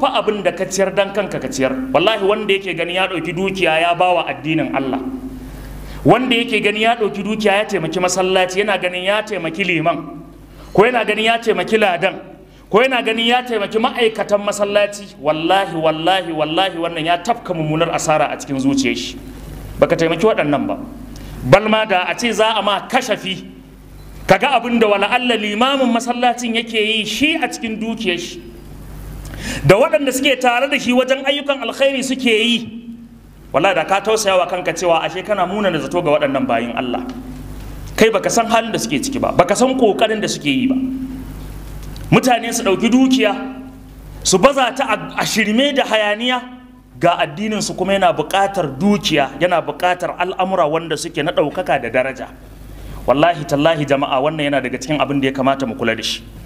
fa abin da ka ciyar dan kanka ka ciyar wallahi wanda yake gani ya ɗauki dukiya ya bawa addinin Allah wanda yake gani ya ɗauki dukiya ya taimaki masallaci yana ganin ya taimaki liman ko yana ganin ya taimaki ladan ko yana ganin ya taimaki ma'aikatan masallaci wallahi wallahi wallahi wannan ya tafka mummunar asara a cikin zuciyar shi baka taimaki waɗannan ba balma da a ce za a ma kashafi kaga abin da wala'alla limamin masallacin yake yi shi a cikin dukiyar shi da waɗanda suke tare da shi wajen ayyukan alkhairi suke yi wallahi da ka tausaya wa kanka cewa ashe kana muna da zato ga waɗannan bayin Allah kai baka san halin da suke ciki ba baka san kokarin da suke yi ba mutane su ɗauki dukiya su baza ta a shirme da hayaniya ga addinin su kuma yana buƙatar dukiya yana buƙatar al'amura wanda suke na ɗaukaka da daraja wallahi tallahi jama'a wannan yana daga cikin abin da ya kamata mu kula da shi